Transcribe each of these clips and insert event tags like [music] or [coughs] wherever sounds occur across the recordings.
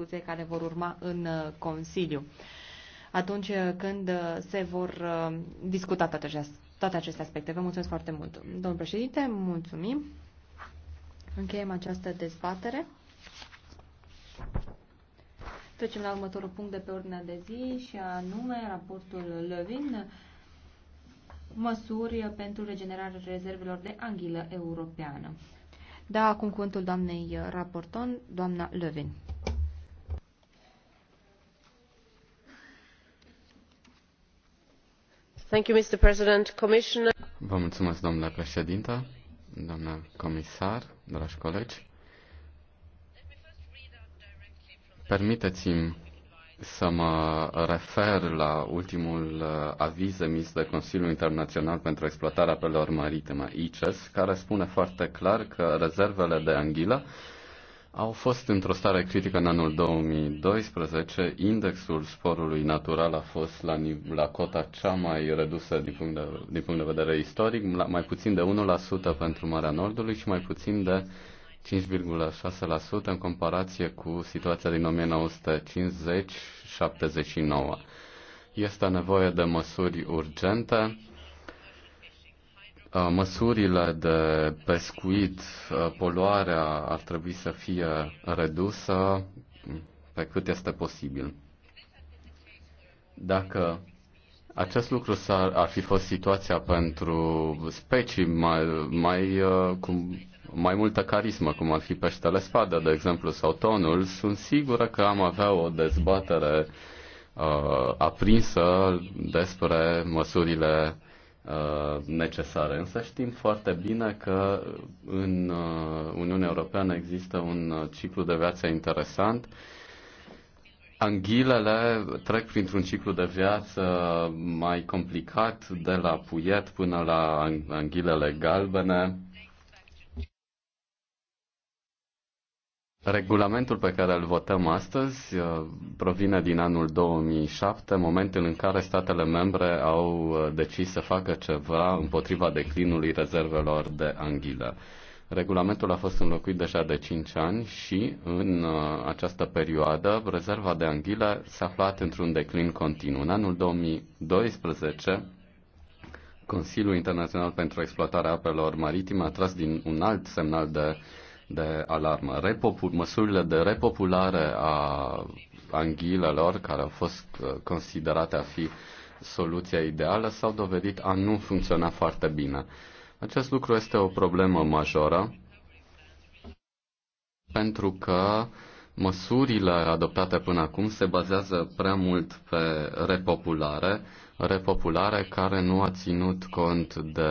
discuție care vor urma în uh, Consiliu, atunci uh, când uh, se vor discuta toate aceste, toate aceste aspecte. Vă mulțumesc foarte mult. Domnul președinte, mulțumim. Încheiem această dezbatere. Trecem la următorul punct de pe ordinea de zi și anume raportul Levin, măsuri pentru regenerarea rezervelor de anghilă europeană. Da, acum cuvântul doamnei raporton, doamna Levin. doamnă mulțumesc, domnule președinte, doamnă comisar, dragi colegi. Permiteți-mi să mă refer la ultimul uh, aviz emis de Consiliul Internațional pentru Exploatarea Apelor Maritime, ICES, care spune foarte clar că rezervele de anghilă au fost într-o stare critică în anul 2012. Indexul sporului natural a fost la, la cota cea mai redusă din punct de, din punct de vedere istoric, la mai puțin de 1% pentru Marea Nordului și mai puțin de 5,6% în comparație cu situația din 1950-79. Este nevoie de măsuri urgente Uh, măsurile de pescuit, uh, poluarea ar trebui să fie redusă pe cât este posibil. Dacă acest lucru ar ar fi fost situația pentru specii mai, mai, uh, cu mai multă carismă, cum ar fi peștele spadă, de exemplu, sau tonul, sunt sigură că am avea o dezbatere uh, aprinsă despre măsurile Uh, necesare. Însă știm foarte bine că în uh, Uniunea Europeană există un uh, ciclu de viață interesant. Anghilele trec printr-un ciclu de viață mai complicat, de la puiet până la anghilele galbene, Regulamentul pe care îl votăm astăzi uh, provine din anul 2007, momentul în care statele membre au uh, decis să facă ceva împotriva declinului rezervelor de anghilă. Regulamentul a fost înlocuit deja de 5 ani și în uh, această perioadă rezerva de anghilă s-a aflat într-un declin continuu. În anul 2012, Consiliul Internațional pentru Exploatarea Apelor Maritime a tras din un alt semnal de uh, de alarmă. Repopul, măsurile de repopulare a anghilelor, care au fost uh, considerate a fi soluția ideală, s-au dovedit a nu funcționa foarte bine. Acest lucru este o problemă majoră pentru că măsurile adoptate până acum se bazează prea mult pe repopulare, repopulare care nu a ținut cont de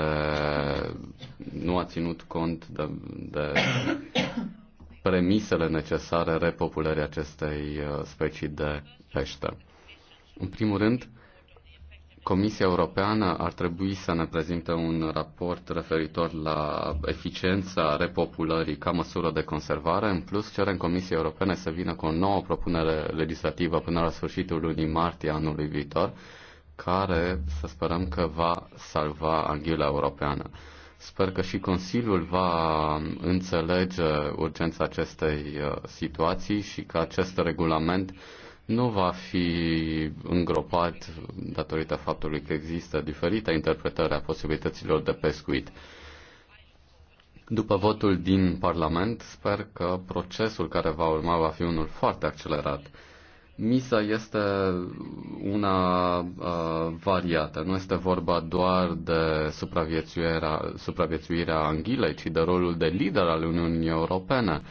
nu a ținut cont de, de premisele necesare repopulării acestei uh, specii de pește. În primul rând, Comisia Europeană ar trebui să ne prezinte un raport referitor la eficiența repopulării ca măsură de conservare. În plus, cerem Comisiei Europene să vină cu o nouă propunere legislativă până la sfârșitul lunii martie anului viitor, care să sperăm că va salva anghila europeană. Sper că și Consiliul va înțelege urgența acestei uh, situații și că acest regulament nu va fi îngropat datorită faptului că există diferite interpretări a posibilităților de pescuit. După votul din Parlament, sper că procesul care va urma va fi unul foarte accelerat. Misa este una uh, variată. Nu este vorba doar de supraviețuirea, supraviețuirea Anghilei, ci de rolul de lider al Uniunii Europene,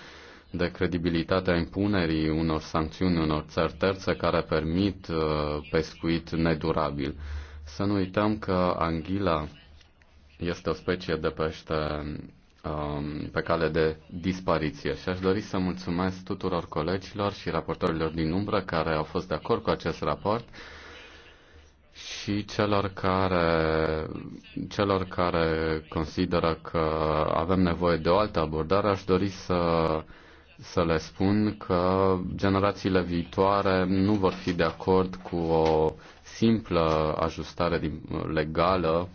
de credibilitatea impunerii unor sancțiuni unor țări terțe care permit uh, pescuit nedurabil. Să nu uităm că Anghila este o specie de pește Um, pe cale de dispariție și aș dori să mulțumesc tuturor colegilor și raportorilor din umbră care au fost de acord cu acest raport și celor care, celor care consideră că avem nevoie de o altă abordare, aș dori să, să le spun că generațiile viitoare nu vor fi de acord cu o simplă ajustare legală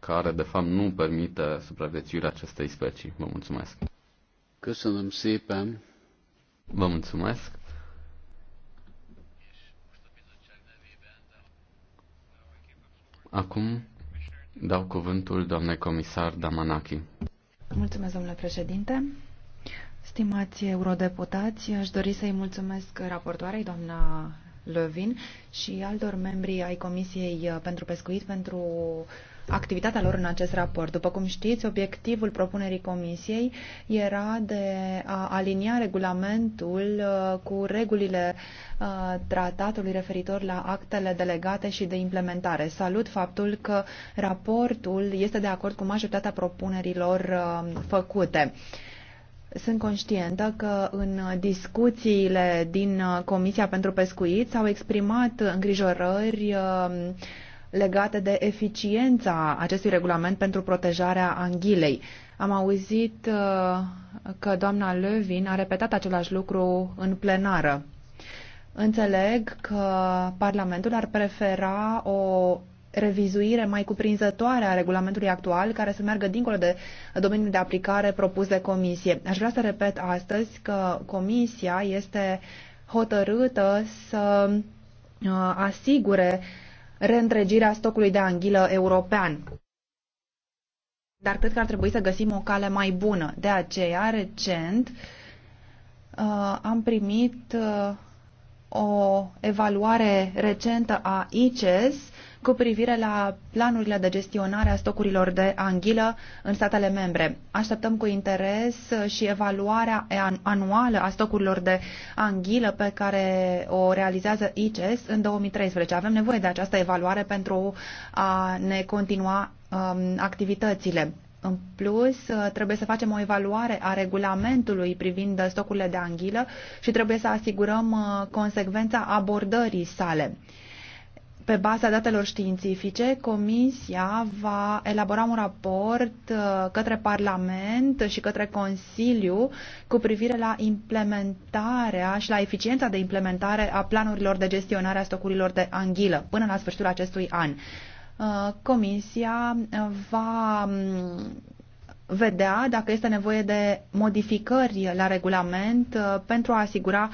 care de fapt nu permite supraviețuirea acestei specii. Vă mulțumesc. Köszönöm szépen. Vă mulțumesc. Acum dau cuvântul doamnei comisar Damanaki. Mulțumesc, domnule președinte. Stimați eurodeputați, aș dori să-i mulțumesc raportoarei, doamna Lövin, și altor membri ai Comisiei pentru Pescuit pentru uh, activitatea lor în acest raport. După cum știți, obiectivul propunerii Comisiei era de a alinia regulamentul uh, cu regulile uh, tratatului referitor la actele delegate și de implementare. Salut faptul că raportul este de acord cu majoritatea propunerilor uh, făcute. Sunt conștientă că în discuțiile din Comisia pentru Pescuit s-au exprimat îngrijorări legate de eficiența acestui regulament pentru protejarea anghilei. Am auzit uh, că doamna Lövin a repetat același lucru în plenară. Înțeleg că Parlamentul ar prefera o revizuire mai cuprinzătoare a regulamentului actual care să meargă dincolo de domeniul de aplicare propus de comisie. Aș vrea să repet astăzi că comisia este hotărâtă să uh, asigure uh, reîntregirea stocului de anghilă european. Dar cred că ar trebui să găsim o cale mai bună. De aceea, recent, uh, am primit uh, o evaluare recentă a ICES cu privire la planurile de gestionare a stocurilor de anghilă în statele membre. Așteptăm cu interes și evaluarea anuală a stocurilor de anghilă pe care o realizează ICES în 2013. Avem nevoie de această evaluare pentru a ne continua um, activitățile. În plus, trebuie să facem o evaluare a regulamentului privind stocurile de anghilă și trebuie să asigurăm uh, consecvența abordării sale. Pe baza datelor științifice, Comisia va elabora un raport uh, către Parlament și către Consiliu cu privire la implementarea și la eficiența de implementare a planurilor de gestionare a stocurilor de anghilă până la sfârșitul acestui an. Uh, Comisia va mm, vedea dacă este nevoie de modificări la regulament uh, pentru a asigura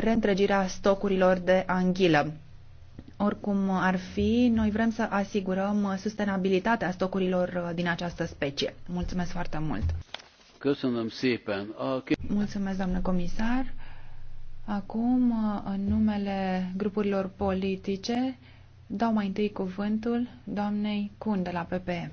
reîntregirea stocurilor de anghilă. Oricum ar fi, noi vrem să asigurăm sustenabilitatea stocurilor uh, din această specie. Mulțumesc foarte mult! Mulțumesc, doamnă comisar! Acum, uh, în numele grupurilor politice, dau mai întâi cuvântul doamnei Cun de la PPM.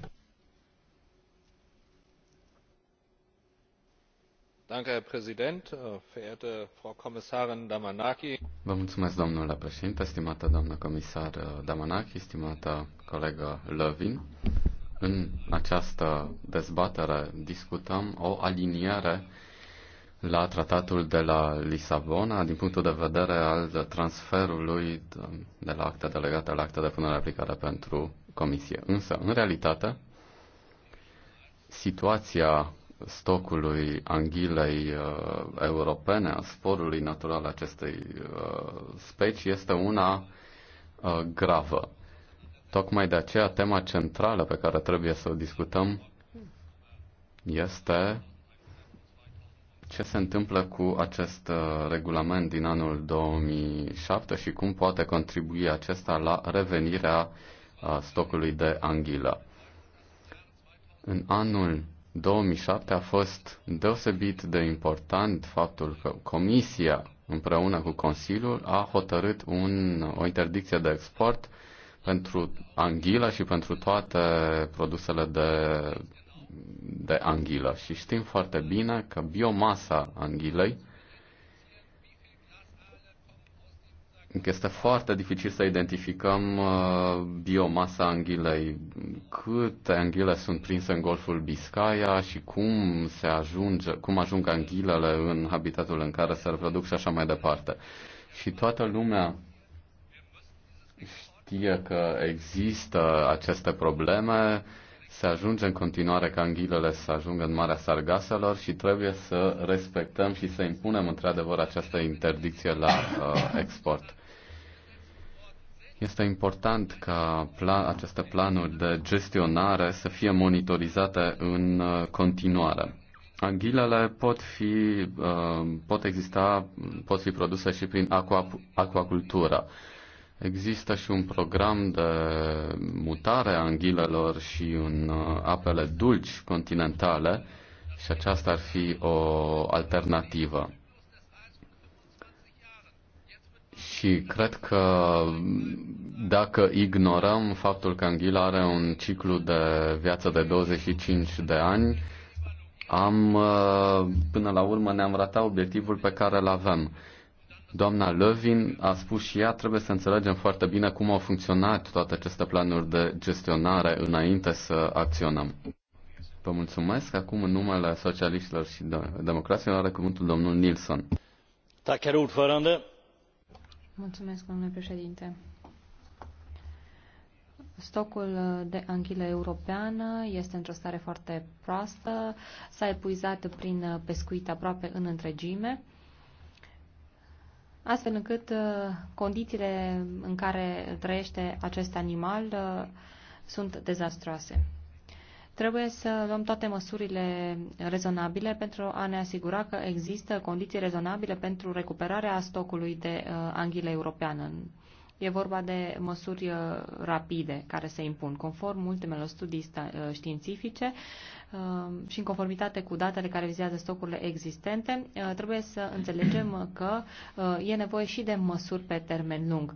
herr präsident äh, verehrte frau kommissarin damanaki! vă mulțumesc domnule președinte stimată doamnă comisar uh, damanaki stimată colegă lvin în această dezbatere discutăm o aliniere la tratatul de la Lisabona din punctul de vedere al transferului de la acte delegate la acte de punere aplicare pentru comisie. Însă, în realitate, situația stocului anghilei uh, europene, a sporului natural acestei uh, specii, este una uh, gravă. Tocmai de aceea tema centrală pe care trebuie să o discutăm este ce se întâmplă cu acest uh, regulament din anul 2007 și cum poate contribui acesta la revenirea uh, stocului de anghilă. În anul 2007 a fost deosebit de important faptul că Comisia împreună cu Consiliul a hotărât un, o interdicție de export pentru anghila și pentru toate produsele de, de anghila. Și știm foarte bine că biomasa anghilei este foarte dificil să identificăm uh, biomasa anghilei, câte anghile sunt prinse în golful Biscaya și cum se ajunge, cum ajung anghilele în habitatul în care se reproduc și așa mai departe. Și toată lumea știe că există aceste probleme, se ajunge în continuare ca anghilele să ajungă în Marea Sargaselor și trebuie să respectăm și să impunem într-adevăr această interdicție la uh, export. Este important ca pla- aceste planuri de gestionare să fie monitorizate în uh, continuare. Anghilele pot fi, uh, pot exista, pot fi produse și prin aquacultură. Există și un program de mutare a anghilelor și în uh, apele dulci continentale și aceasta ar fi o alternativă. Și cred că dacă ignorăm faptul că Anghila are un ciclu de viață de 25 de ani, am, până la urmă ne-am ratat obiectivul pe care îl avem. Doamna Lövin a spus și ea, trebuie să înțelegem foarte bine cum au funcționat toate aceste planuri de gestionare înainte să acționăm. Vă mulțumesc. Acum, în numele socialiștilor și democraților, are cuvântul domnul Nilsson. Tack, herr ordförande. Mulțumesc, domnule președinte. Stocul de anghilă europeană este într-o stare foarte proastă, s-a epuizat prin pescuit aproape în întregime, astfel încât uh, condițiile în care trăiește acest animal uh, sunt dezastroase. Trebuie să luăm toate măsurile rezonabile pentru a ne asigura că există condiții rezonabile pentru recuperarea stocului de uh, anghile europeană. E vorba de măsuri uh, rapide care se impun, conform ultimelor studii uh, științifice și în conformitate cu datele care vizează stocurile existente, trebuie să înțelegem că e nevoie și de măsuri pe termen lung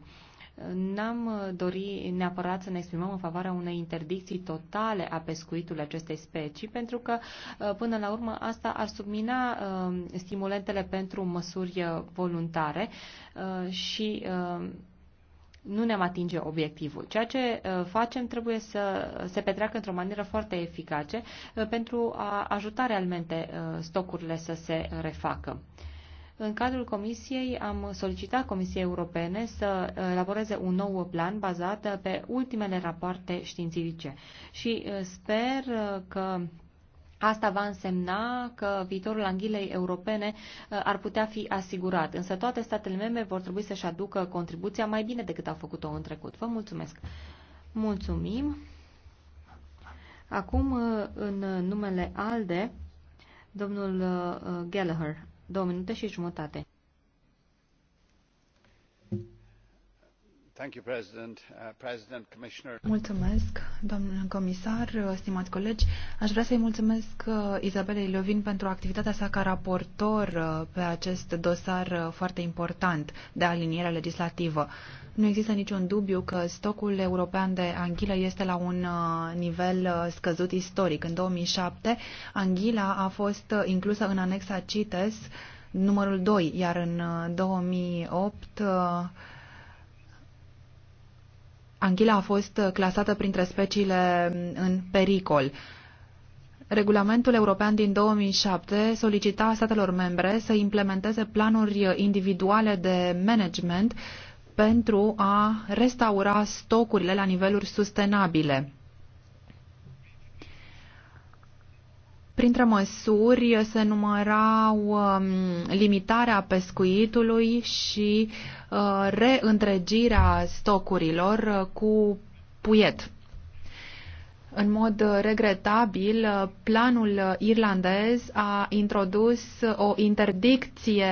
n-am uh, dori neapărat să ne exprimăm în favoarea unei interdicții totale a pescuitului acestei specii, pentru că, uh, până la urmă, asta ar submina uh, stimulentele pentru măsuri voluntare și nu ne-am atinge obiectivul. Ceea ce facem trebuie să se petreacă într-o manieră foarte eficace pentru a ajuta realmente stocurile să se refacă. În cadrul Comisiei am solicitat Comisiei Europene să elaboreze un nou plan bazat pe ultimele rapoarte științifice și uh, sper uh, că Asta va însemna că viitorul anghilei europene uh, ar putea fi asigurat, însă toate statele membre vor trebui să-și aducă contribuția mai bine decât au făcut-o în trecut. Vă mulțumesc! Mulțumim! Acum, în numele ALDE, domnul Gallagher. Două minute și jumătate. Uh, mulțumesc, domnule comisar, stimați colegi. Aș vrea să-i mulțumesc uh, Izabelei Lovin pentru activitatea sa ca raportor uh, pe acest dosar foarte important de aliniere legislativă. Nu există niciun dubiu că stocul european de anghilă este la un uh, nivel uh, scăzut istoric. În 2007, anghila a fost uh, inclusă în anexa CITES numărul 2, iar în 2008 anghila a fost clasată printre speciile mm, în pericol. Regulamentul european din 2007 solicita statelor membre să implementeze planuri individuale de management uh, pentru a restaura stocurile la niveluri sustenabile. Printre măsuri se numărau um, limitarea pescuitului și uh, reîntregirea stocurilor uh, cu puiet. În mod uh, regretabil, uh, planul uh, irlandez a introdus o interdicție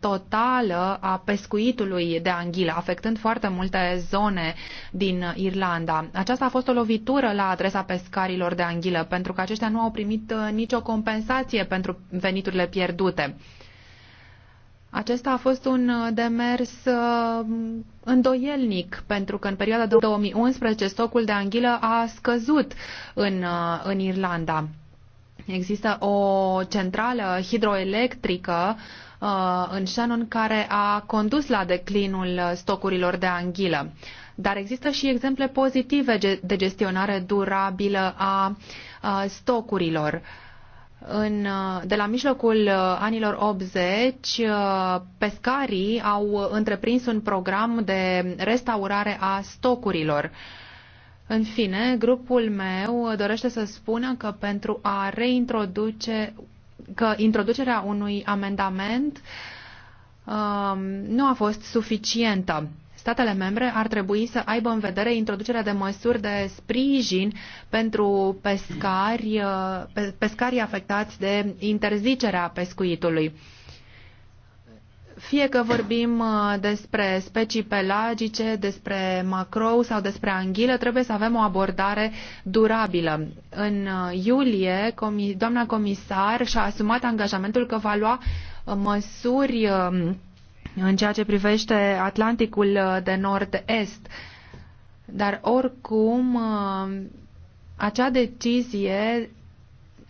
totală a pescuitului de anghilă, afectând foarte multe zone din Irlanda. Aceasta a fost o lovitură la adresa pescarilor de anghilă, pentru că aceștia nu au primit nicio compensație pentru veniturile pierdute. Acesta a fost un uh, demers uh, îndoielnic, pentru că în perioada 2011 stocul de anghilă a scăzut în, uh, în Irlanda. Există o centrală hidroelectrică în Shannon care a condus la declinul stocurilor de anghilă. Dar există și exemple pozitive de gestionare durabilă a stocurilor în, uh, de la mijlocul uh, anilor 80, uh, pescarii au întreprins un program de restaurare a stocurilor. În fine, grupul meu dorește să spună că pentru a reintroduce, că introducerea unui amendament um, nu a fost suficientă statele membre ar trebui să aibă în vedere introducerea de măsuri de sprijin pentru pescari, uh, pescarii afectați de interzicerea pescuitului. Fie că vorbim uh, despre specii pelagice, despre macrou sau despre anghilă, trebuie să avem o abordare durabilă. În uh, iulie, doamna comisar și-a asumat angajamentul că va lua măsuri um, în ceea ce privește Atlanticul uh, de nord-est. Dar oricum, uh, acea decizie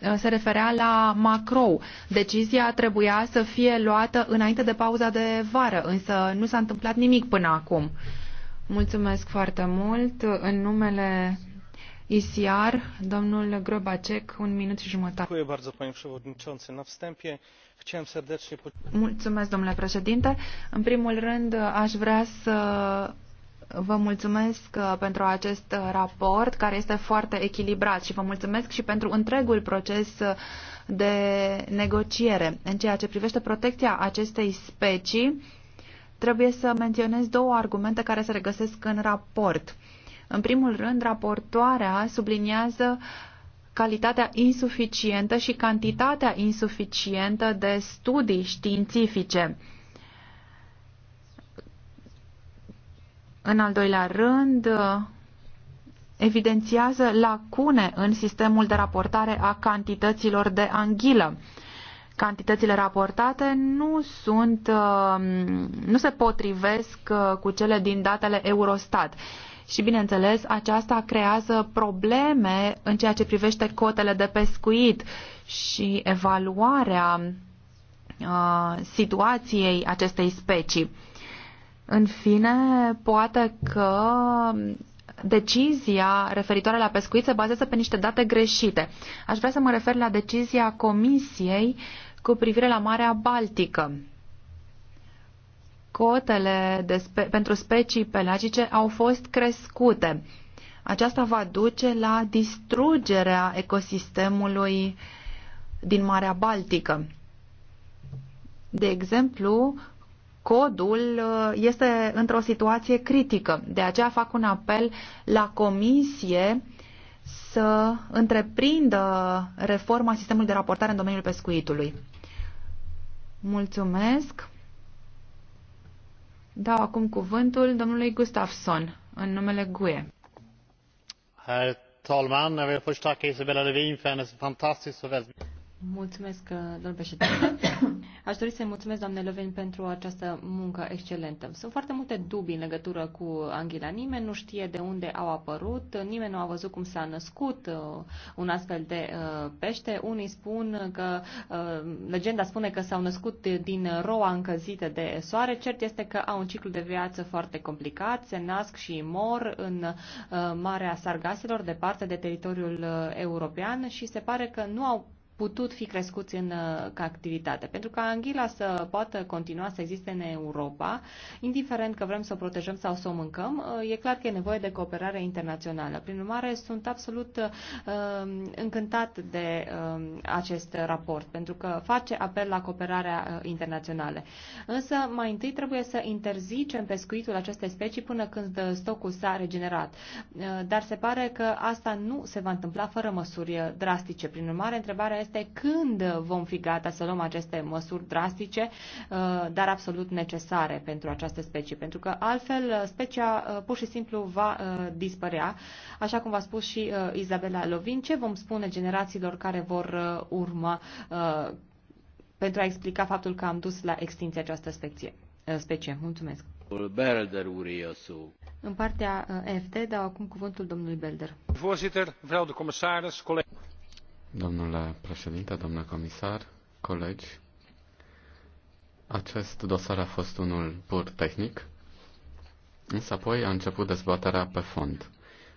uh, se referea la Macrou. Decizia trebuia să fie luată înainte de pauza de vară, însă nu s-a întâmplat nimic până acum. Mulțumesc foarte mult. În numele ICR, domnul Grobacek, un minut și jumătate. Mulțumesc, domnule președinte. În primul rând, aș vrea să Vă mulțumesc pentru acest raport care este foarte echilibrat și vă mulțumesc și pentru întregul proces de negociere. În ceea ce privește protecția acestei specii, trebuie să menționez două argumente care se regăsesc în raport. În primul rând, raportoarea subliniază calitatea insuficientă și cantitatea insuficientă de studii științifice. În al doilea rând, evidențiază lacune în sistemul de raportare a cantităților de anghilă. Cantitățile raportate nu sunt, uh, nu se potrivesc uh, cu cele din datele Eurostat și, bineînțeles, aceasta creează probleme în ceea ce privește cotele de pescuit și evaluarea uh, situației acestei specii. În fine, poate că decizia referitoare la pescuit se bazează pe niște date greșite. Aș vrea să mă refer la decizia Comisiei cu privire la Marea Baltică cotele de spe- pentru specii pelagice au fost crescute. Aceasta va duce la distrugerea ecosistemului din Marea Baltică. De exemplu, codul uh, este într-o situație critică. De aceea fac un apel la comisie să întreprindă reforma sistemului de raportare în domeniul pescuitului. Mulțumesc. Dau acum cuvântul domnului Gustafsson în numele GUE. Herr talman! Jag vill först tacka Isabella Lövin för hennes fantastiskt och väldigt Mulțumesc, uh, domnul președinte. [coughs] Aș dori să-i mulțumesc, doamne Levin, pentru această muncă excelentă. Sunt foarte multe dubii în legătură cu Anghila. Nimeni nu știe de unde au apărut, nimeni nu a văzut cum s-a născut uh, un astfel de uh, pește. Unii spun că, legenda spune că s-au născut din roa încăzită de soare. Cert este că au un ciclu de viață foarte complicat, se nasc și mor în Marea Sargaselor, departe de teritoriul european și se pare că nu au putut fi crescuți în, uh, ca activitate. Pentru ca anghila să poată continua să existe în Europa, indiferent că vrem să o protejăm sau să o mâncăm, uh, e clar că e nevoie de cooperare internațională. Prin urmare, sunt absolut uh, încântat de um, acest raport, pentru că face apel la cooperarea internațională. Însă, mai întâi trebuie să interzicem pescuitul acestei specii până când stocul s-a regenerat. dar se pare că asta nu se va întâmpla fără măsuri drastice. Prin urmare, întrebarea este este când vom fi gata să luăm aceste măsuri drastice, uh, dar absolut necesare pentru această specie, pentru că altfel uh, specia uh, pur și simplu va dispărea, așa cum v-a spus și Izabela Lovin, ce vom spune generațiilor care vor urma pentru a explica faptul că am dus la extinție această specie. specie. Mulțumesc. Belder În partea FT, dau acum cuvântul domnului Belder. Voorzitter, vreau de commissaris, colegi. Domnule președinte, domnule comisar, colegi, acest dosar a fost unul pur tehnic, însă apoi a început dezbaterea pe fond.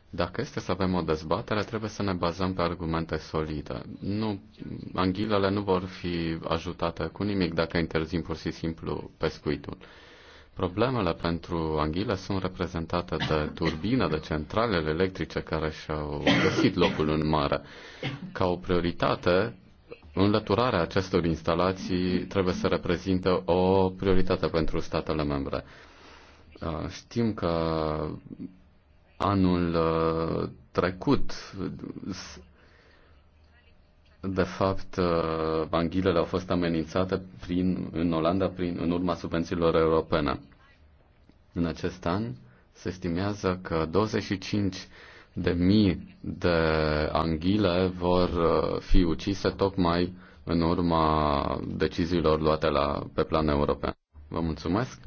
Dacă este să avem o dezbatere, trebuie să ne bazăm pe argumente solide. Nu, anghilele nu vor fi ajutate cu nimic dacă interzim pur și simplu pescuitul. Problemele pentru Anghile sunt reprezentate de turbina, de centralele electrice care și-au găsit locul în mare. Ca o prioritate, înlăturarea acestor instalații trebuie să reprezintă o prioritate pentru statele membre. Știm că anul trecut de fapt, banghilele uh, au fost amenințate prin, în Olanda prin, în urma subvențiilor europene. În acest an se estimează că 25 de mii de anghile vor uh, fi ucise tocmai în urma deciziilor luate la, pe plan european. Vă mulțumesc!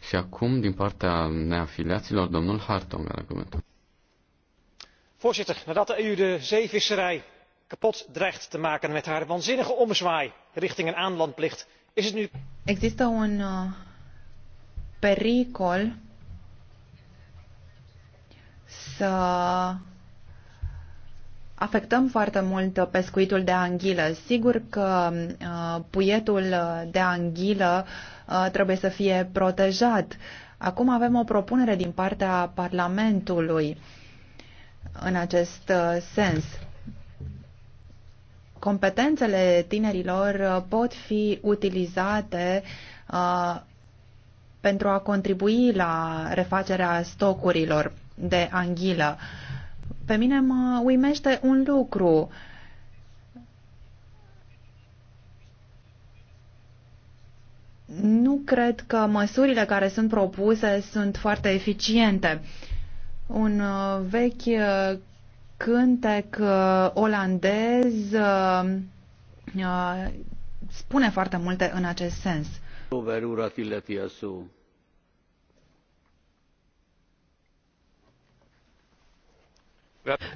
Și acum, din partea neafiliaților, domnul Hartong are cuvântul voorzitter nadat de eu de zeevisserij kapot dreigt te maken met haar waanzinnige ommezwaai richting een aanlandplicht is het nu. există un uh, pericol să afectăm foarte mult pescuitul de anghilă. Sigur că uh, puietul de anghilă uh, trebuie să fie protejat. Acum avem o propunere din partea Parlamentului în acest uh, sens. Competențele tinerilor uh, pot fi utilizate uh, pentru a contribui la refacerea stocurilor de anghilă. Pe mine mă uimește un lucru. Nu cred că măsurile care sunt propuse sunt foarte eficiente. Uh, un uh, vechi uh, cântec uh, olandez spune foarte multe în acest sens.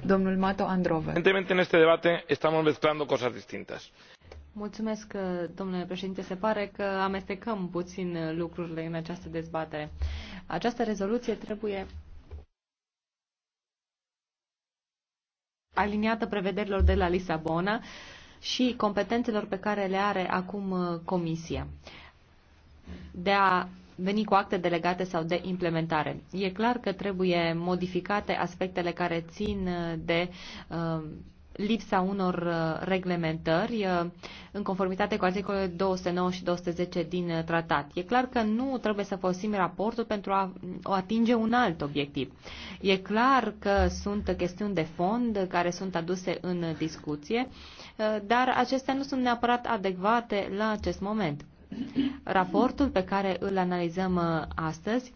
Domnul Mato Androve. Evidentemente, în este debate stăm mezclando cosas distintas. Mulțumesc, domnule președinte. Se pare că amestecăm puțin lucrurile în această dezbatere. Această rezoluție trebuie aliniată prevederilor de la Lisabona și competențelor pe care le are acum uh, Comisia de a veni cu acte delegate sau de implementare. E clar că trebuie modificate aspectele care țin uh, de uh, lipsa unor uh, reglementări uh, în conformitate cu articolele 209 și 210 din uh, tratat. E clar că nu trebuie să folosim raportul pentru a atinge un alt obiectiv. E clar că sunt chestiuni de fond care sunt aduse în discuție, dar acestea nu sunt neapărat adecvate la acest moment. Raportul pe care îl analizăm astăzi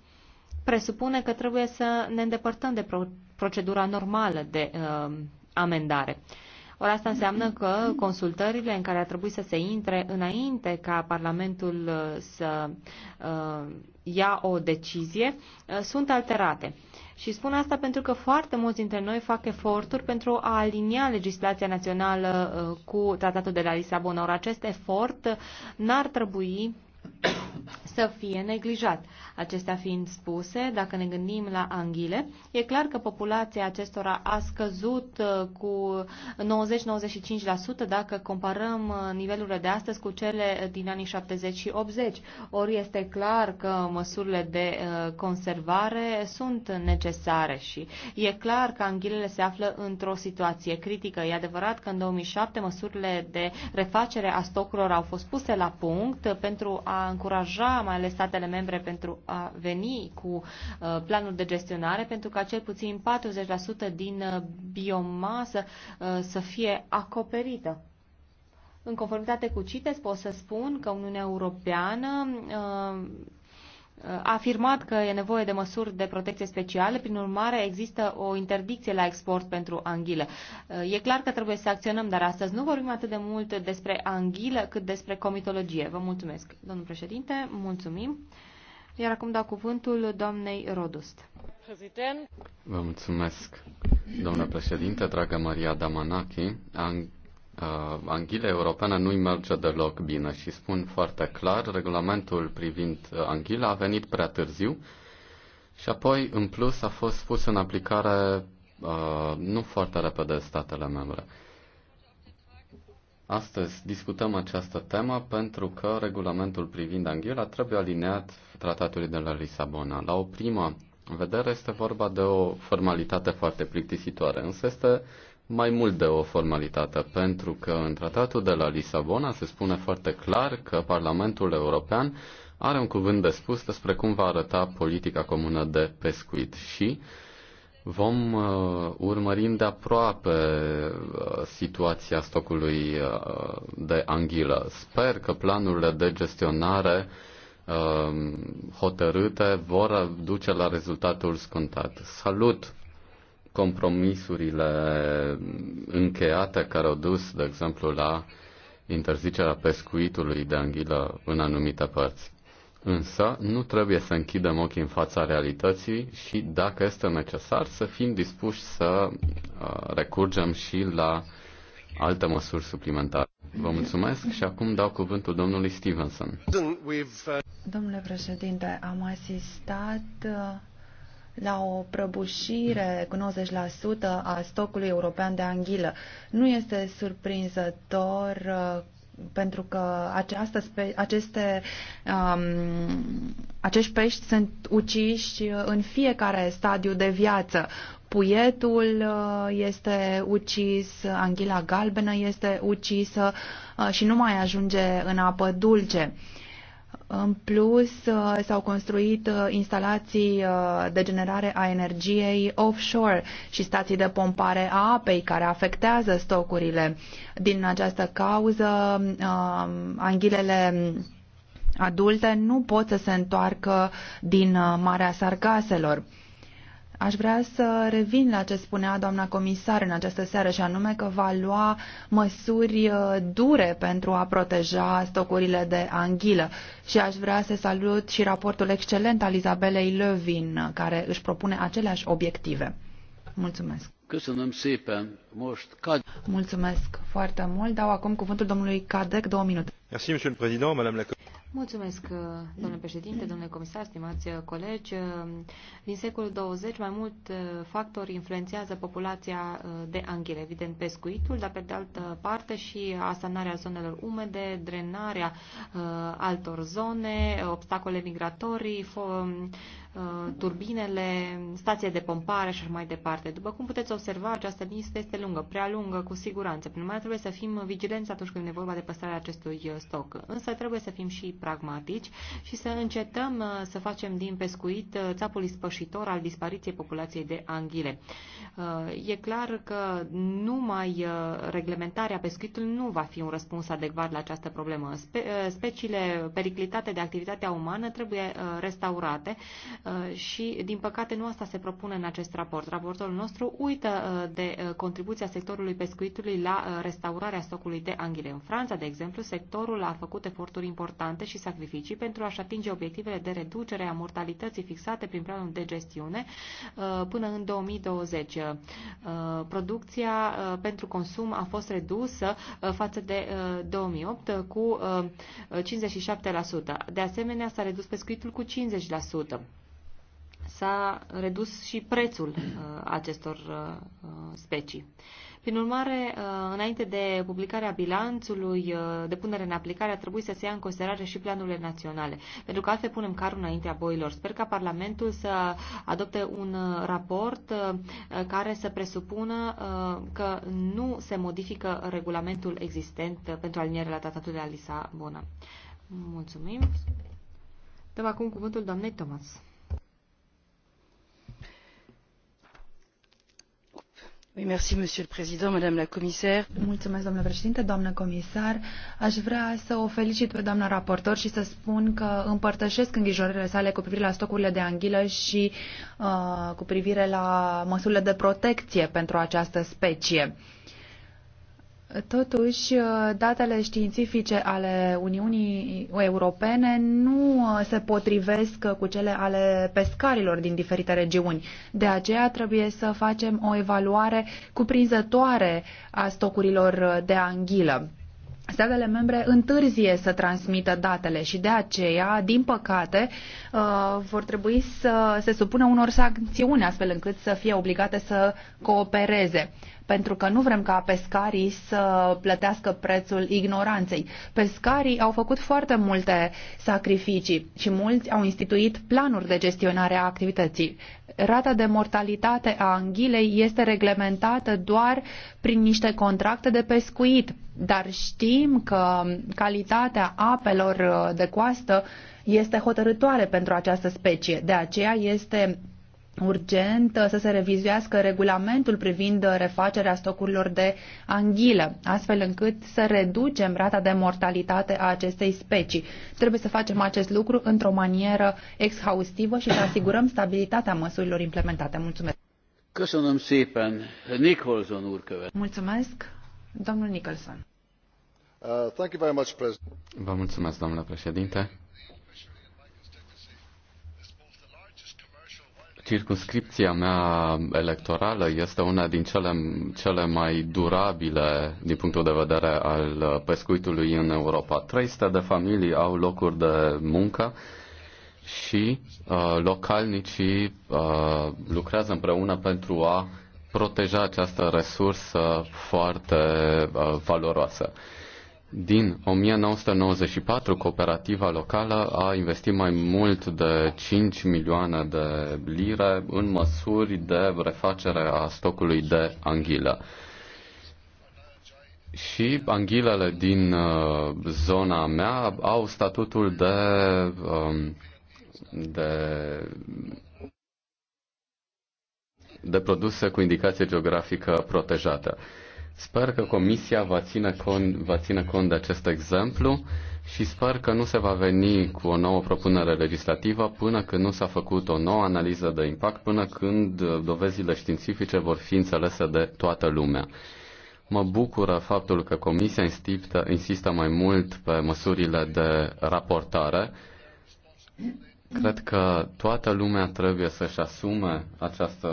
presupune că trebuie să ne îndepărtăm de procedura normală de uh, amendare. Ori asta înseamnă că consultările în care ar trebui să se intre înainte ca Parlamentul uh, să uh, ia o decizie uh, sunt alterate. Și spun asta pentru că foarte mulți dintre noi fac eforturi pentru a alinia legislația națională cu tratatul de la Lisabona. Ori acest efort n-ar trebui să fie neglijat. Acestea fiind spuse, dacă ne gândim la Anghile, e clar că populația acestora a scăzut uh, cu 90-95% dacă comparăm uh, nivelurile de astăzi cu cele din anii 70 și 80. Ori este clar că măsurile de uh, conservare sunt necesare și e clar că Anghilele se află într-o situație critică. E adevărat că în 2007 măsurile de refacere a stocurilor au fost puse la punct pentru a încuraja încuraja mai ales statele membre pentru a veni cu uh, planuri de gestionare, pentru ca cel puțin 40% din uh, biomasă uh, să fie acoperită. În conformitate cu CITES pot să spun că Uniunea Europeană a afirmat că e nevoie de măsuri de protecție speciale, prin urmare există o interdicție la export pentru anghilă. E clar că trebuie să acționăm, dar astăzi nu vorbim atât de mult despre anghilă cât despre comitologie. Vă mulțumesc, domnul președinte, mulțumim. Iar acum dau cuvântul doamnei Rodust. Vă mulțumesc, domnule președinte, dragă Maria Damanachi. Ang- uh, anghile europene nu-i merge deloc bine și spun foarte clar, regulamentul privind uh, anghila a venit prea târziu și apoi, în plus, a fost pus în aplicare uh, nu foarte repede statele membre. Astăzi discutăm această temă pentru că regulamentul privind anghila trebuie alineat tratatului de la Lisabona. La o primă vedere este vorba de o formalitate foarte plictisitoare, însă este mai mult de o formalitate, pentru că în tratatul de la Lisabona se spune foarte clar că Parlamentul European are un cuvânt de spus despre cum va arăta politica comună de pescuit și vom uh, urmări de aproape uh, situația stocului uh, de anghilă. Sper că planurile de gestionare uh, hotărâte vor duce la rezultatul scontat. Salut! compromisurile încheiate care au dus, de exemplu, la interzicerea pescuitului de anghilă în anumite părți. Însă, nu trebuie să închidem ochii în fața realității și, dacă este necesar, să fim dispuși să uh, recurgem și la alte măsuri suplimentare. Vă mulțumesc și acum dau cuvântul domnului Stevenson. Uh, Domnule președinte, am asistat uh, la o prăbușire cu 90% a stocului european de anghilă. Nu este surprinzător uh, pentru că această, aceste, um, acești pești sunt uciși uh, în fiecare stadiu de viață. Puietul uh, este ucis, anghila galbenă este ucisă și nu mai ajunge în apă dulce. În plus, uh, s-au construit uh, instalații uh, de generare a energiei offshore și stații de pompare a apei care afectează stocurile. Din această cauză, anghilele adulte nu pot să se întoarcă din Marea Sargaselor. Aș vrea să revin la ce spunea doamna comisar în această seară și anume că va lua măsuri uh, dure pentru a proteja stocurile de anghilă. Și aș vrea să salut și raportul excelent al Izabelei Lövin, care își propune aceleași obiective. Mulțumesc. Mulțumesc foarte mult. Dau acum cuvântul domnului Cadec, două minute. Merci, Mulțumesc, uh, domnule președinte, domnule comisar, stimați uh, colegi. Uh, din secolul 20, mai mult factori influențează populația de anghile, evident pescuitul, dar pe de altă parte și asanarea zonelor umede, drenarea altor zone, obstacole migratorii, fo- Uh, turbinele, stația de pompare și mai departe. După cum puteți observa, această listă este lungă, prea lungă, cu siguranță. Prin urmare, trebuie să fim vigilenți atunci când e vorba de păstrarea acestui uh, stoc. Însă trebuie să fim și pragmatici și să încetăm uh, să facem din pescuit țapul ispășitor al dispariției populației de anghile. E clar că numai reglementarea pescuitului nu va fi un răspuns adecvat la această problemă. Speciile periclitate de activitatea umană trebuie restaurate Uh, și, din păcate, nu asta se propune în acest raport. Raportul nostru uită uh, de uh, contribuția sectorului pescuitului la restaurarea stocului de anghile. În Franța, de exemplu, sectorul a făcut eforturi importante și sacrificii pentru a-și atinge obiectivele de reducere a mortalității fixate prin planul de gestiune până în 2020. Producția pentru consum a fost redusă față de 2008 cu 57%. De asemenea, s-a redus pescuitul cu 50% s-a redus și prețul uh, acestor uh, uh, specii. Prin urmare, înainte de publicarea bilanțului, de punere în aplicare, a trebuit să se ia în considerare și planurile naționale, pentru că altfel punem carul înaintea boilor. Sper ca Parlamentul să adopte un raport care să presupună că nu se modifică regulamentul existent pentru aliniere la tratatul de la Lisabona. Mulțumim. Dăm acum cuvântul doamnei Thomas. Mulțumesc, domnule președinte, doamnă comisar. Aș vrea să o felicit pe doamna raportor și să spun că împărtășesc îngrijorările sale cu privire la stocurile de anghilă și uh, cu privire la măsurile de protecție pentru această specie. Totuși, uh, datele științifice ale Uniunii Europene nu uh, se potrivesc uh, cu cele ale pescarilor din diferite regiuni. De aceea trebuie să facem o evaluare cuprinzătoare a stocurilor de anghilă statele membre întârzie să transmită datele și de aceea, din păcate, uh, vor trebui să se supună unor sancțiuni astfel încât să fie obligate să coopereze. Pentru că nu vrem ca pescarii să plătească prețul ignoranței. Pescarii au făcut foarte multe sacrificii și mulți au instituit planuri de gestionare a activității. Rata de mortalitate a anghilei este reglementată doar prin niște contracte de pescuit dar știm că calitatea apelor uh, de coastă este hotărătoare pentru această specie. De aceea este urgent uh, să se revizuiască regulamentul privind uh, refacerea stocurilor de anghilă, astfel încât să reducem rata de mortalitate a acestei specii. Trebuie să facem acest lucru într-o manieră exhaustivă și să asigurăm stabilitatea măsurilor implementate. Mulțumesc! Mulțumesc! Domnul Nicholson. Uh, Vă mulțumesc, domnule președinte. Circunscripția mea electorală este una din cele, cele mai durabile din punctul de vedere al pescuitului în Europa. 300 de familii au locuri de muncă și uh, localnicii uh, lucrează împreună pentru a uh, proteja această resursă foarte uh, valoroasă. Din 1994, cooperativa locală a investit mai mult de 5 milioane de lire în măsuri de refacere a stocului de anghilă. Și anghilele din uh, zona mea au statutul de, um, de de produse cu indicație geografică protejată. Sper că Comisia va ține cont, va ține cont de acest exemplu și sper că nu se va veni cu o nouă propunere legislativă până când nu s-a făcut o nouă analiză de impact, până când uh, dovezile științifice vor fi înțelese de toată lumea. Mă bucură faptul că Comisia insistă, insistă mai mult pe măsurile de raportare Cred că toată lumea trebuie să-și asume această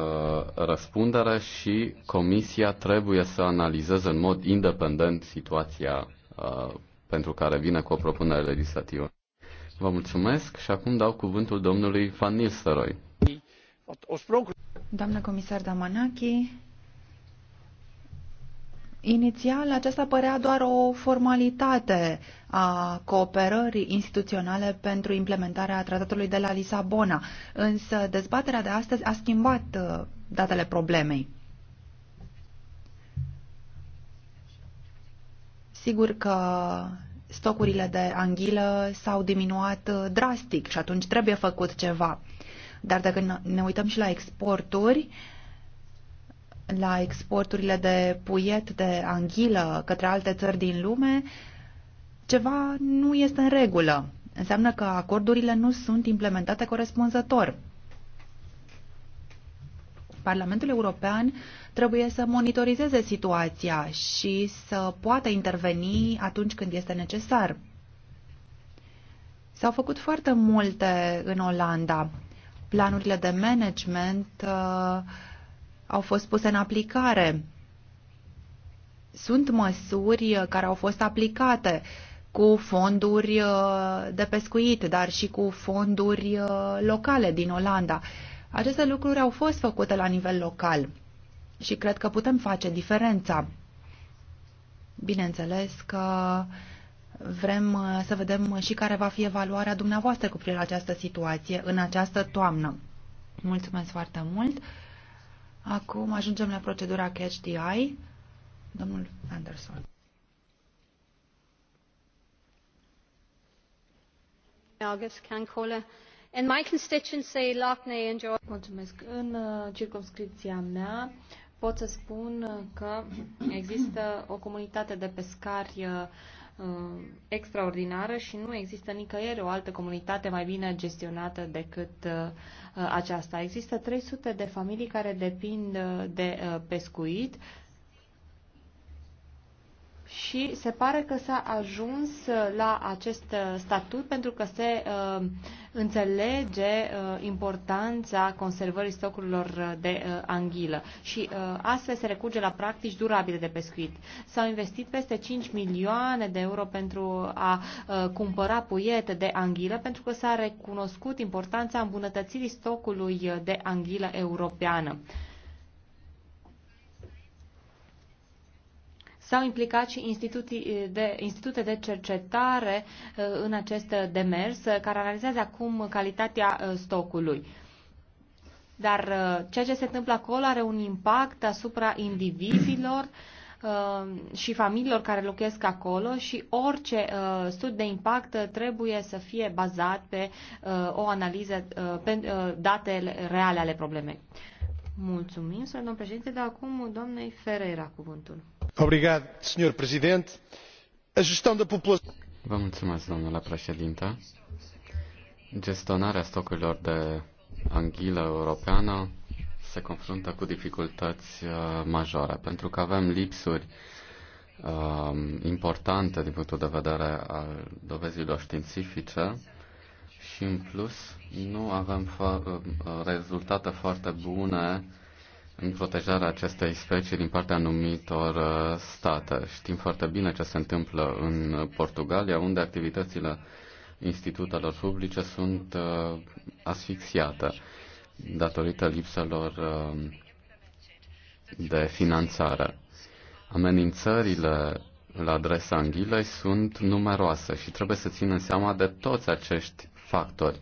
răspundere și Comisia trebuie să analizeze în mod independent situația uh, pentru care vine cu o propunere legislativă. Vă mulțumesc și acum dau cuvântul domnului Van Nistelrooy. Doamnă comisar Damanaki, Inițial, aceasta părea doar o formalitate a cooperării instituționale pentru implementarea tratatului de la Lisabona, însă dezbaterea de astăzi a schimbat uh, datele problemei. Sigur că stocurile de anghilă s-au diminuat uh, drastic și atunci trebuie făcut ceva. Dar dacă ne uităm și la exporturi, uh, la exporturile de puiet, de anghilă către alte țări din lume, ceva nu este în regulă. Înseamnă că acordurile nu sunt implementate corespunzător. Parlamentul European trebuie să monitorizeze situația și să poată interveni atunci când este necesar. S-au făcut foarte multe în Olanda. Planurile de management uh, au fost puse în aplicare. Sunt măsuri uh, care au fost aplicate cu fonduri uh, de pescuit, dar și cu fonduri uh, locale din Olanda. Aceste lucruri au fost făcute la nivel local și cred că putem face diferența. Bineînțeles că vrem să vedem și care va fi evaluarea dumneavoastră cu privire la această situație în această toamnă. Mulțumesc foarte mult! Acum ajungem la procedura Catch the Eye. Domnul Anderson. August, Cancola. In my constituency, Lockney and George... Mulțumesc. În uh, circumscripția mea pot să spun uh, că există o comunitate de pescari uh, extraordinară și nu există nicăieri o altă comunitate mai bine gestionată decât Uh, aceasta. Există 300 de familii care depind uh, de uh, pescuit și se pare că s-a ajuns la acest uh, statut pentru că se uh, înțelege uh, importanța conservării stocurilor de uh, anghilă și uh, astfel se recurge la practici durabile de pescuit. S-au investit peste 5 milioane de euro pentru a uh, cumpăra puiete de anghilă pentru că s-a recunoscut importanța îmbunătățirii stocului de anghilă europeană. S-au implicat și instituții eh, de, institute de cercetare eh, în acest demers, eh, care analizează acum calitatea stocului. Dar ceea ce se întâmplă acolo are un impact asupra indivizilor și familiilor care locuiesc acolo și orice studiu de impact trebuie să fie bazat pe o analiză, pe date reale ale problemei. Mulțumim, să domnul președinte, dar acum doamnei Ferreira cuvântul. Obrigat, signor președinte. Ajustăm de da populație. Vă mulțumesc, domnule președinte. Gestionarea stocurilor de anghilă europeană se confruntă cu dificultăți uh, majore, pentru că avem lipsuri uh, importante din punctul de vedere al dovezilor științifice și în plus nu avem fo- uh, uh, rezultate foarte bune în protejarea acestei specii din partea anumitor uh, state. Știm foarte bine ce se întâmplă în Portugalia, unde activitățile institutelor publice sunt asfixiate datorită lipselor de finanțare. Amenințările la adresa Anghilei sunt numeroase și trebuie să ținem seama de toți acești factori.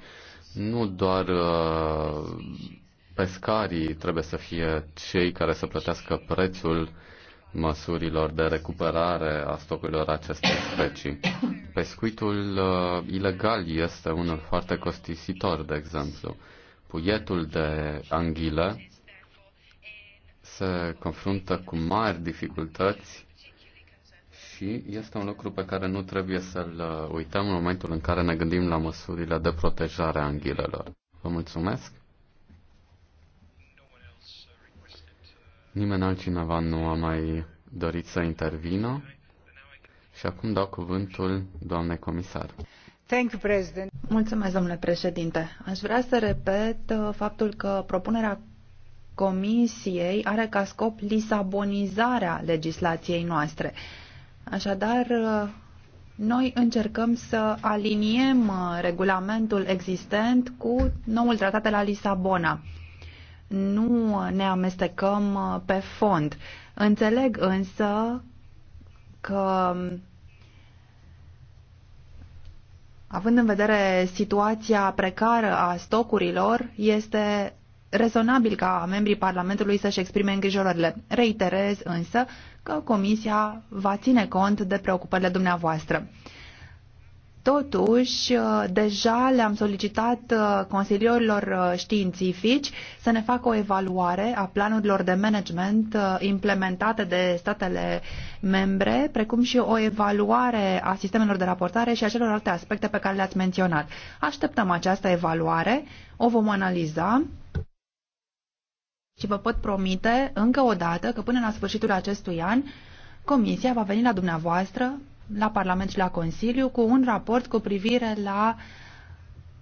Nu doar uh, pescarii trebuie să fie cei care să plătească prețul măsurilor de recuperare a stocurilor acestei specii. Pescuitul uh, ilegal este unul foarte costisitor, de exemplu. Puietul de anghilă se confruntă cu mari dificultăți și este un lucru pe care nu trebuie să-l uh, uităm în momentul în care ne gândim la măsurile de protejare a anghilelor. Vă mulțumesc! Nimeni altcineva nu a mai dorit să intervină și acum dau cuvântul doamnei comisar. Thank you, President. Mulțumesc, domnule președinte. Aș vrea să repet uh, faptul că propunerea Comisiei are ca scop lisabonizarea legislației noastre. Așadar, noi încercăm să aliniem uh, regulamentul existent cu noul tratat de la Lisabona. Nu ne amestecăm uh, pe fond. Înțeleg însă că um, Având în vedere situația precară a stocurilor, este rezonabil ca membrii Parlamentului să-și exprime îngrijorările. Reiterez însă că Comisia va ține cont de preocupările dumneavoastră. Totuși, deja le-am solicitat uh, consilierilor uh, științifici să ne facă o evaluare a planurilor de management uh, implementate de statele membre, precum și o evaluare a sistemelor de raportare și a celorlalte aspecte pe care le-ați menționat. Așteptăm această evaluare, o vom analiza și vă pot promite încă o dată că până la sfârșitul acestui an Comisia va veni la dumneavoastră, la Parlament și la Consiliu, cu un raport cu privire la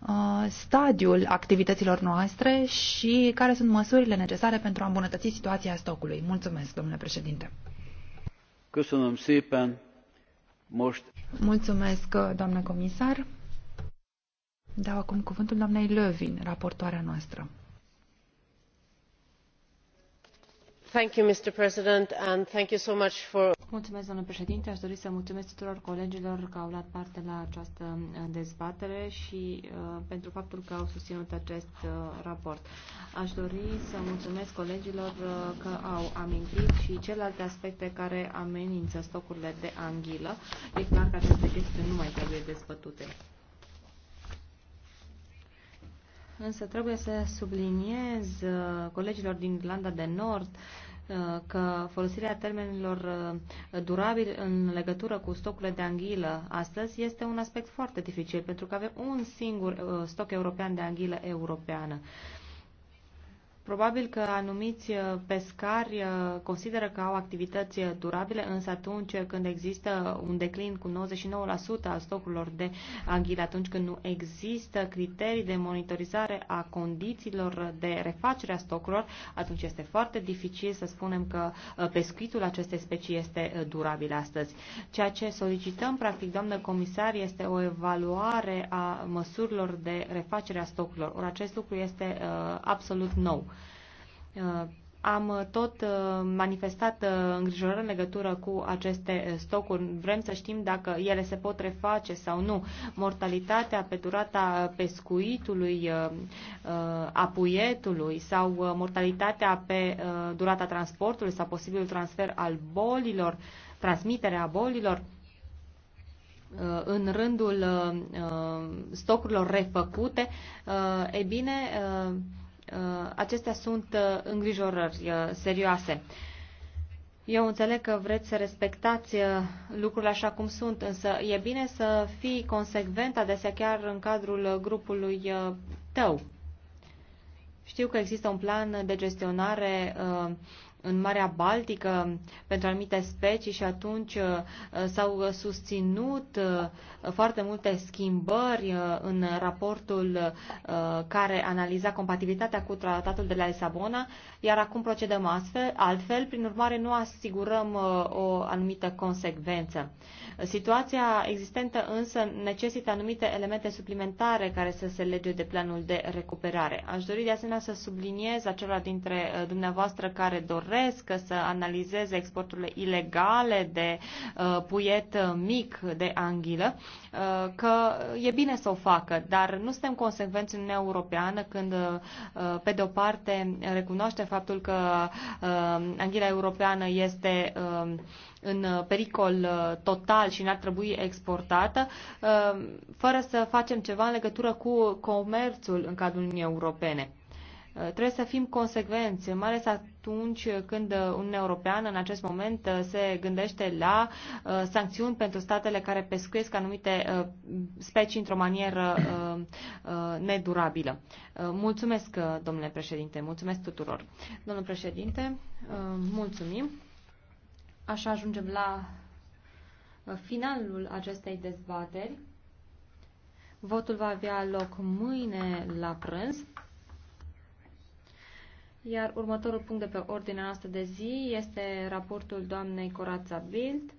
uh, stadiul activităților noastre și care sunt măsurile necesare pentru a îmbunătăți situația stocului. Mulțumesc, domnule președinte. Mulțumesc, doamnă comisar. Dau acum cuvântul doamnei Lövin, raportoarea noastră. Mulțumesc, președinte. Aș dori să mulțumesc tuturor colegilor că au luat parte la această uh, dezbatere și uh, pentru faptul că au susținut acest uh, raport. Aș dori să mulțumesc colegilor că au amintit și celelalte aspecte care amenință stocurile de anghilă. E clar că aceste chestiuni nu mai trebuie dezbătute. Însă trebuie să subliniez colegilor din Irlanda de Nord Uh, că folosirea termenilor uh, durabil în legătură cu stocurile de anghilă astăzi este un aspect foarte dificil, pentru că avem un singur uh, stoc european de anghilă europeană. Uh, Probabil că anumiți uh, pescari uh, consideră că au activități uh, durabile, însă atunci când există un declin cu 99% al stocurilor de anghile, atunci când nu există criterii de monitorizare a condițiilor de refacere a stocurilor, atunci este foarte dificil să spunem că pescuitul acestei specii este durabil astăzi. Ceea ce solicităm, practic, doamnă comisar, este o evaluare a măsurilor de refacere a stocurilor. Ori acest lucru este uh, absolut nou. Uh, am uh, tot uh, manifestat îngrijorări în legătură cu aceste stocuri. Vrem să știm dacă ele se pot reface sau nu. Mortalitatea pe durata pescuitului, apuietului sau mortalitatea pe durata transportului sau posibilul transfer al bolilor, transmiterea bolilor în rândul stocurilor refăcute, e bine, Uh, acestea sunt uh, îngrijorări uh, serioase. Eu înțeleg că vreți să respectați lucrurile așa cum sunt, însă e bine să fii consecvent adesea chiar în cadrul grupului tău. Știu că există un plan de gestionare uh, în Marea Baltică pentru anumite specii și atunci uh, s-au uh, susținut uh, foarte multe schimbări în raportul care analiza compatibilitatea cu tratatul de la Lisabona, iar acum procedăm astfel, altfel, prin urmare nu asigurăm o anumită consecvență. Situația existentă însă necesită anumite elemente suplimentare care să se lege de planul de recuperare. Aș dori de asemenea să subliniez acela dintre dumneavoastră care doresc doresc să analizeze exporturile ilegale de uh, puiet mic de anghilă, uh, că e bine să o facă, dar nu suntem consecvenți în Uniunea Europeană când, uh, pe de o parte, recunoaște faptul că anghila europeană este în pericol total și n-ar trebui exportată, fără să facem ceva în legătură cu comerțul în cadrul Uniunii Europene. Uh, trebuie să fim consecvenți, mai ales atunci când un european în acest moment uh, se gândește la uh, sancțiuni pentru statele care pescuiesc anumite specii într-o manieră nedurabilă. Mulțumesc, domnule președinte, mulțumesc tuturor. Domnul președinte, mulțumim. Așa ajungem la finalul acestei dezbateri. Votul va avea loc mâine la prânz. Iar următorul punct de pe ordinea noastră de zi este raportul doamnei Corața Bild